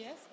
yes.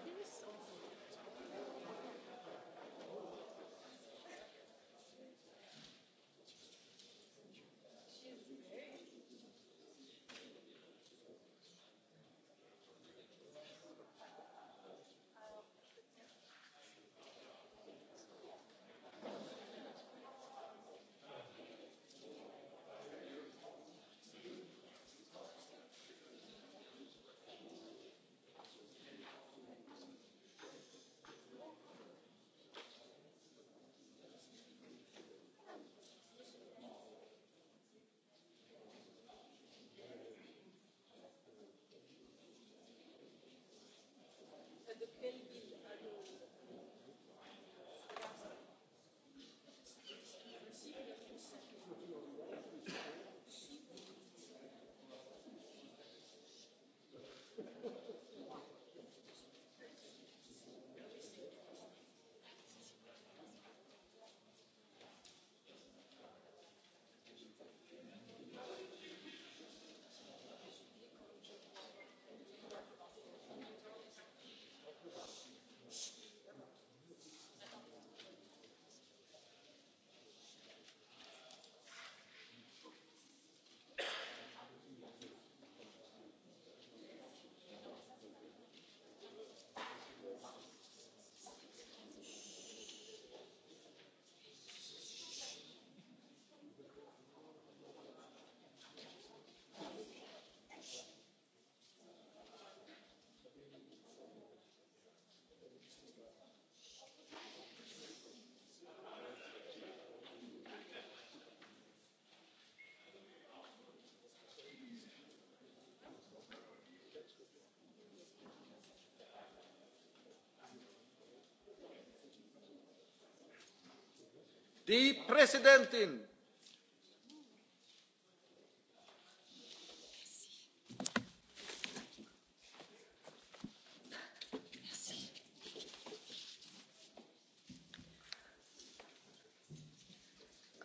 die präsidentin!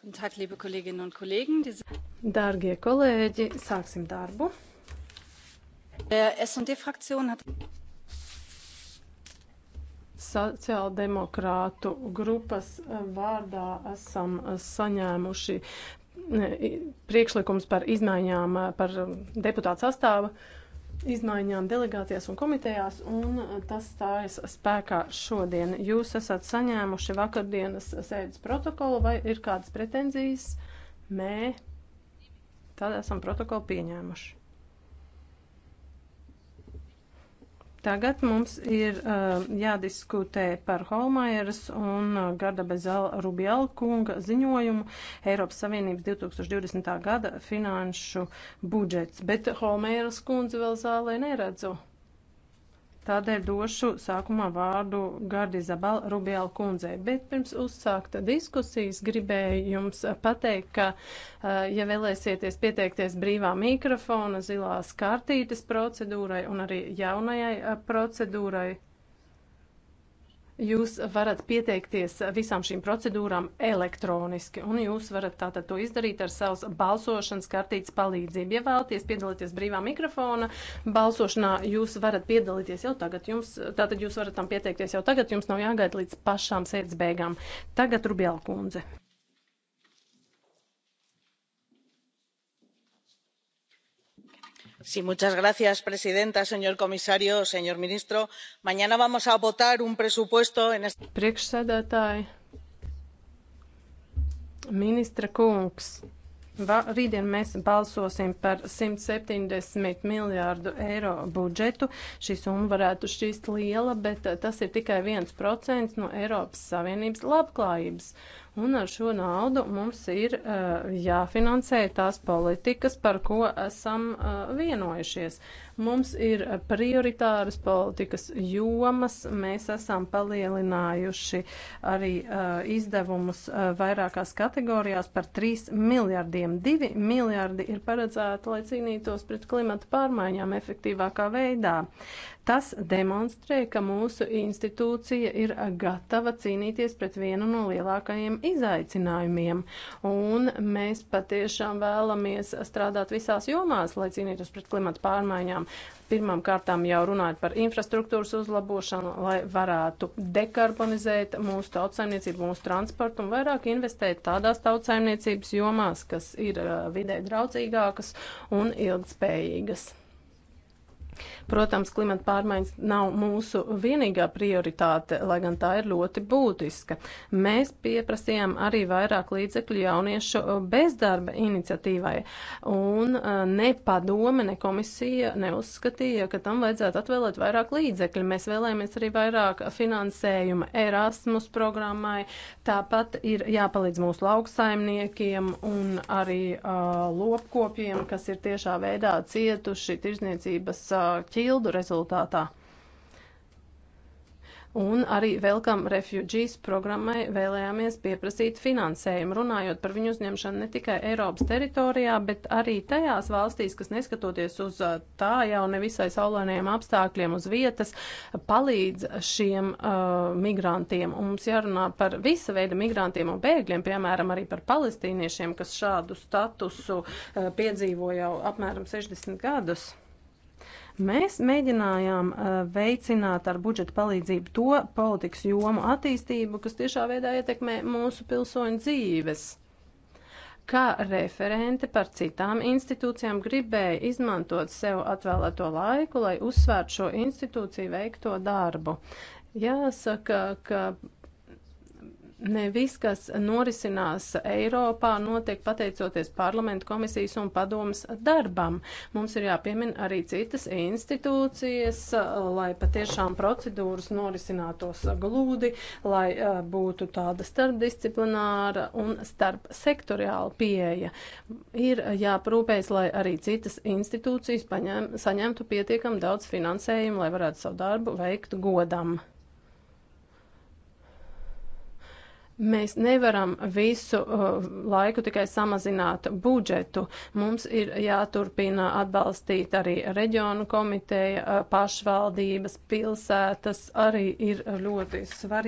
guten tag liebe kolleginnen und kollegen! darbie kolēģi sāksim darbu. s d fraktion hat sociāldemokrātu grupas vārdā esam saņēmuši eh, priekšlikums par izmaiņām, eh, par deputātu sastāvu izmaiņām delegācijās un komitejās, un eh, tas stājas spēkā šodien. Jūs esat saņēmuši vakardienas sēdes protokolu, vai ir kādas pretenzijas? Nē, tad esam protokolu pieņēmuši. Tagad mums ir uh, jādiskutē par Holmajeras un uh, Garda Bezala Rubjala kunga ziņojumu Eiropas Savienības 2020. gada finanšu budžets, bet Holmajeras kundze vēl zālē neredzu. Tādēļ došu sākumā vārdu Gardi Zabal Rubiela kundzei. Bet pirms uzsākt diskusijas gribēju jums pateikt, ka eh, ja vēlēsieties pieteikties brīvā mikrofona, zilās kartītes procedūrai un arī jaunajai eh, procedūrai, Jūs varat pieteikties visām šīm procedūrām elektroniski, un jūs varat tātad to izdarīt ar savas balsošanas kartītes palīdzību. Ja vēlaties piedalīties brīvā mikrofona balsošanā, jūs varat piedalīties jau tagad. Jums, tātad jūs varat tam pieteikties jau tagad, jums nav jāgaida līdz pašām sēdes beigām. Tagad Rubjēl kundze. señora presidenta señor comisario señor ministro mañana vamos a votar un presupuesto en esta. priekšsēdētāji ministra kungs Rītdien mēs balsosim par 170 miljārdu eiro budžetu. Šī summa varētu šķist liela, bet tas ir tikai 1% no Eiropas Savienības labklājības. Un ar šo naudu mums ir uh, jāfinansē tās politikas, par ko esam uh, vienojušies. Mums ir prioritāras politikas jomas, mēs esam palielinājuši arī uh, izdevumus uh, vairākās kategorijās par 3 miljardiem. 2 miljardi ir paredzēti, lai cīnītos pret klimata pārmaiņām efektīvākā veidā. Tas demonstrē, ka mūsu institūcija ir gatava cīnīties pret vienu no lielākajiem izaicinājumiem. Un mēs patiešām vēlamies strādāt visās jomās, lai cīnītos pret klimatu pārmaiņām. Pirmām kārtām jau runājot par infrastruktūras uzlabošanu, lai varētu dekarbonizēt mūsu tautsaimniecību, mūsu transportu un vairāk investēt tādās tautsaimniecības jomās, kas ir vidē draudzīgākas un ilgspējīgas. Protams, klimata pārmaiņas nav mūsu vienīgā prioritāte, lai gan tā ir ļoti būtiska. Mēs pieprasījām arī vairāk līdzekļu jauniešu bezdarba iniciatīvai, un uh, ne padome, ne komisija neuzskatīja, ka tam vajadzētu atvēlēt vairāk līdzekļu. Mēs vēlējāmies arī vairāk finansējuma Erasmus programmai, tāpat ir jāpalīdz mūsu lauksaimniekiem un arī uh, lopkopiem, kas ir tiešā veidā cietuši tirzniecības uh, ķildu rezultātā. Un arī Welcome Refugees programmai vēlējāmies pieprasīt finansējumu, runājot par viņu uzņemšanu ne tikai Eiropas teritorijā, bet arī tajās valstīs, kas neskatoties uz tā jau nevisai saulainiem apstākļiem uz vietas, palīdz šiem uh, migrantiem. Un mums jārunā par visa veida migrantiem un bēgļiem, piemēram, arī par palestīniešiem, kas šādu statusu uh, piedzīvo jau apmēram 60 gadus. Mēs mēģinājām uh, veicināt ar budžeta palīdzību to politikas jomu attīstību, kas tiešā veidā ietekmē mūsu pilsoņu dzīves. Kā referente par citām institūcijām gribēja izmantot sev atvēlēto laiku, lai uzsvērtu šo institūciju veikto darbu. Jāsaka, ka Ne viss, kas norisinās Eiropā, notiek pateicoties parlamentu komisijas un padomas darbam. Mums ir jāpiemina arī citas institūcijas, lai patiešām procedūras norisinātos glūdi, lai eh, būtu tāda starpdisciplināra un starpsektoriāla pieeja. Ir jāprūpējas, lai arī citas institūcijas paņem, saņemtu pietiekam daudz finansējumu, lai varētu savu darbu veikt godam. Mēs nevaram visu uh, laiku tikai samazināt budžetu. Mums ir jāturpina atbalstīt arī reģionu komiteja, uh, pašvaldības, pilsētas. Arī ir ļoti svarīgi.